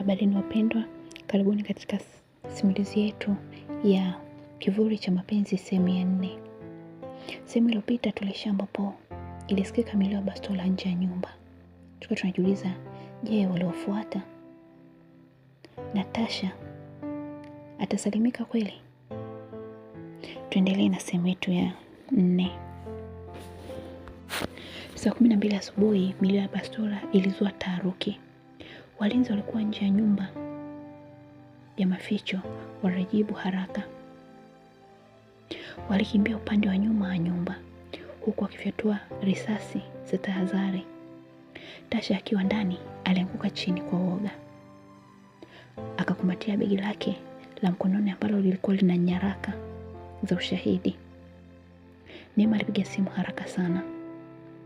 Habarini wapendwa, karibuni katika simulizi yetu ya Kivuli cha Mapenzi sehemu ya nne. Sehemu iliyopita tulisha ambapo ilisikika milio ya bastola nje ya nyumba, tukiwa tunajiuliza, je, waliofuata Natasha atasalimika kweli? Tuendelee na sehemu yetu ya nne. Saa kumi na mbili asubuhi milio ya bastola ilizua taharuki. Walinzi walikuwa nje ya nyumba ya maficho, walijibu haraka. Walikimbia upande wa nyuma wa nyumba huku wakifyatua risasi za tahadhari. Tasha akiwa ndani alianguka chini kwa woga, akakumbatia begi lake la mkononi ambalo lilikuwa lina nyaraka za ushahidi. Neema alipiga simu haraka sana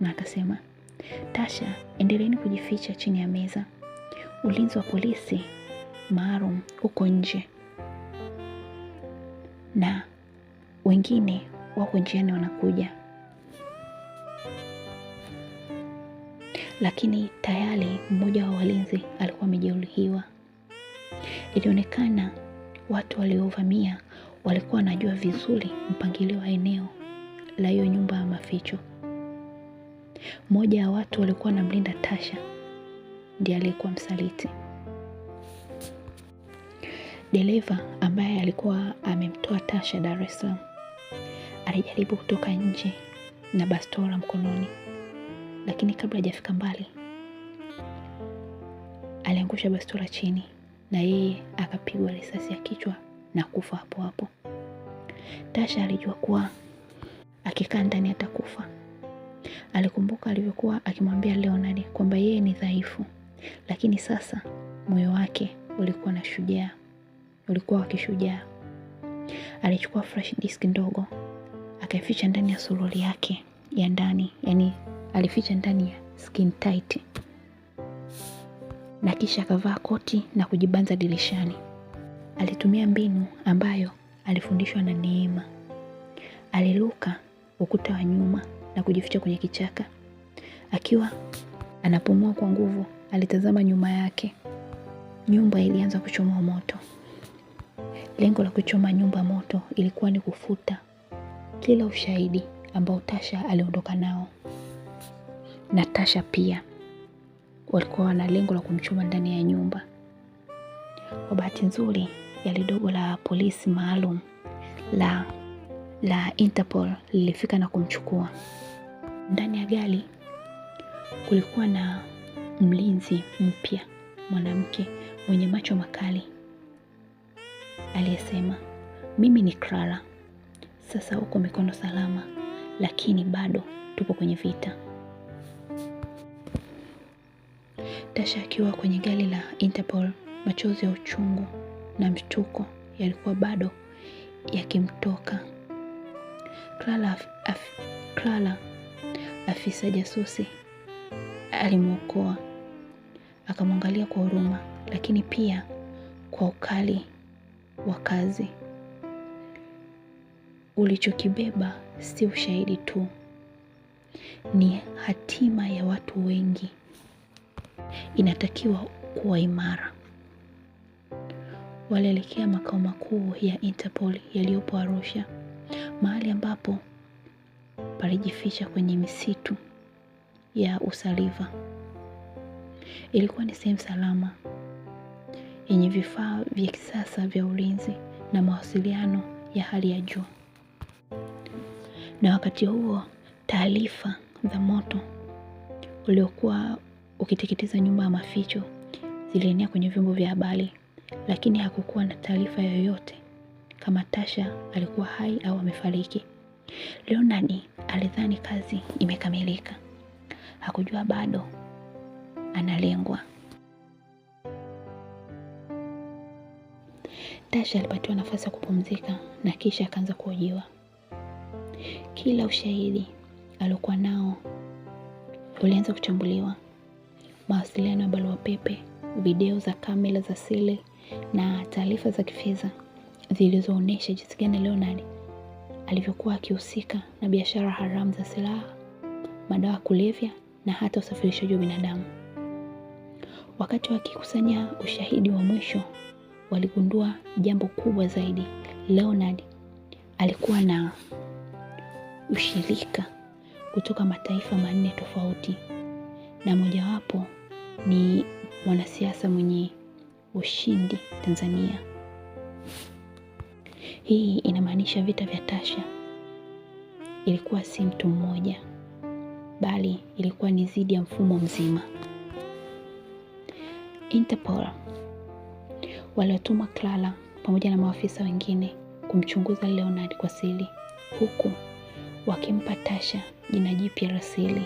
na akasema, Tasha, endeleeni kujificha chini ya meza, ulinzi wa polisi maalum huko nje na wengine wako njiani wanakuja, lakini tayari mmoja wa walinzi alikuwa amejeruhiwa. Ilionekana watu waliovamia walikuwa wanajua vizuri mpangilio wa eneo la hiyo nyumba ya maficho. Mmoja ya watu walikuwa wanamlinda Tasha ndiye aliyekuwa msaliti. Dereva ambaye alikuwa amemtoa Tasha Dar es Salaam alijaribu kutoka nje na bastora mkononi, lakini kabla hajafika mbali aliangusha bastora chini na yeye akapigwa risasi ya kichwa na kufa hapo hapo. Tasha alijua kuwa akikaa ndani atakufa. Alikumbuka alivyokuwa akimwambia Leonard kwamba yeye ni dhaifu lakini sasa moyo wake ulikuwa na shujaa, ulikuwa wa kishujaa. Alichukua fresh disk ndogo akaificha ndani ya suruali yake ya ndani, yani alificha ndani ya skin tight, na kisha akavaa koti na kujibanza dirishani. Alitumia mbinu ambayo alifundishwa na Neema. Aliluka ukuta wa nyuma na kujificha kwenye kichaka akiwa Anapumua kwa nguvu, alitazama nyuma yake. Nyumba ilianza kuchoma moto. Lengo la kuchoma nyumba moto ilikuwa ni kufuta kila ushahidi ambao Tasha aliondoka nao, na Tasha pia walikuwa wana lengo la kumchoma ndani ya nyumba. Kwa bahati nzuri, gari dogo la polisi maalum la la Interpol lilifika na kumchukua. Ndani ya gari Kulikuwa na mlinzi mpya mwanamke mwenye macho makali aliyesema, mimi ni Clara, sasa uko mikono salama, lakini bado tupo kwenye vita. Tasha akiwa kwenye gari la Interpol, machozi ya uchungu na mshtuko yalikuwa bado yakimtoka. Clara, af, Clara afisa jasusi alimwokoa, akamwangalia kwa huruma, lakini pia kwa ukali wa kazi. Ulichokibeba si ushahidi tu, ni hatima ya watu wengi. Inatakiwa kuwa imara. Walielekea makao makuu ya Interpol yaliyopo Arusha, mahali ambapo palijificha kwenye misitu ya usaliva. Ilikuwa ni sehemu salama yenye vifaa vya kisasa vya ulinzi na mawasiliano ya hali ya juu. Na wakati huo taarifa za moto uliokuwa ukiteketeza nyumba ya maficho zilienea kwenye vyombo vya habari, lakini hakukuwa na taarifa yoyote kama Tasha alikuwa hai au amefariki. leonani alidhani kazi imekamilika hakujua bado analengwa. Tasha alipatiwa nafasi ya kupumzika na kisha akaanza kuhojiwa. Kila ushahidi aliokuwa nao ulianza kuchambuliwa: mawasiliano ya barua pepe, video za kamera za siri na taarifa za kifedha zilizoonyesha jinsi gani Leonard alivyokuwa akihusika na biashara haramu za silaha, madawa ya kulevya na hata usafirishaji wa binadamu. Wakati wakikusanya ushahidi wa mwisho, waligundua jambo kubwa zaidi. Leonard alikuwa na ushirika kutoka mataifa manne tofauti, na mojawapo ni mwanasiasa mwenye ushindi Tanzania. Hii inamaanisha vita vya Tasha ilikuwa si mtu mmoja bali ilikuwa ni dhidi ya mfumo mzima. Interpol waliotuma Clara pamoja na maafisa wengine kumchunguza Leonard kwa siri, huku wakimpa Tasha jina jipya la siri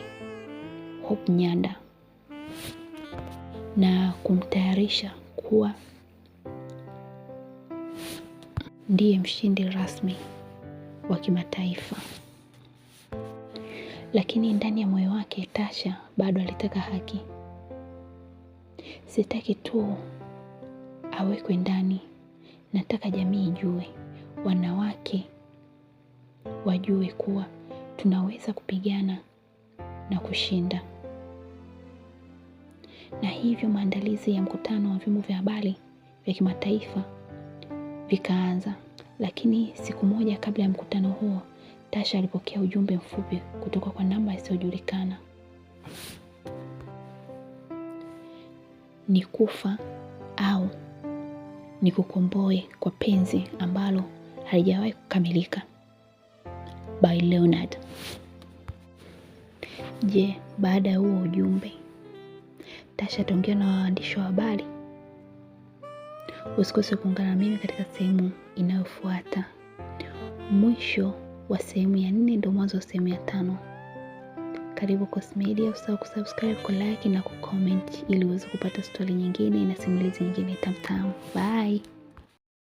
Hope Nyanda na kumtayarisha kuwa ndiye mshindi rasmi wa kimataifa lakini ndani ya moyo wake Tasha bado alitaka haki. Sitaki tu awekwe ndani, nataka jamii ijue, wanawake wajue kuwa tunaweza kupigana na kushinda. Na hivyo maandalizi ya mkutano wa vyombo vya habari vya kimataifa vikaanza, lakini siku moja kabla ya mkutano huo Tasha alipokea ujumbe mfupi kutoka kwa namba isiyojulikana. Ni kufa au ni kukomboe kwa penzi ambalo halijawahi kukamilika. By Leonard. Je, baada ya huo ujumbe Tasha ataongea na waandishi wa habari? Usikose kuungana mimi katika sehemu inayofuata. Mwisho wa sehemu ya nne ndio mwanzo wa sehemu ya tano. Karibu Cossy Media, usahau kusubscribe, like na kucomment ili uweze kupata stori nyingine na simulizi nyingine tamtam Bye.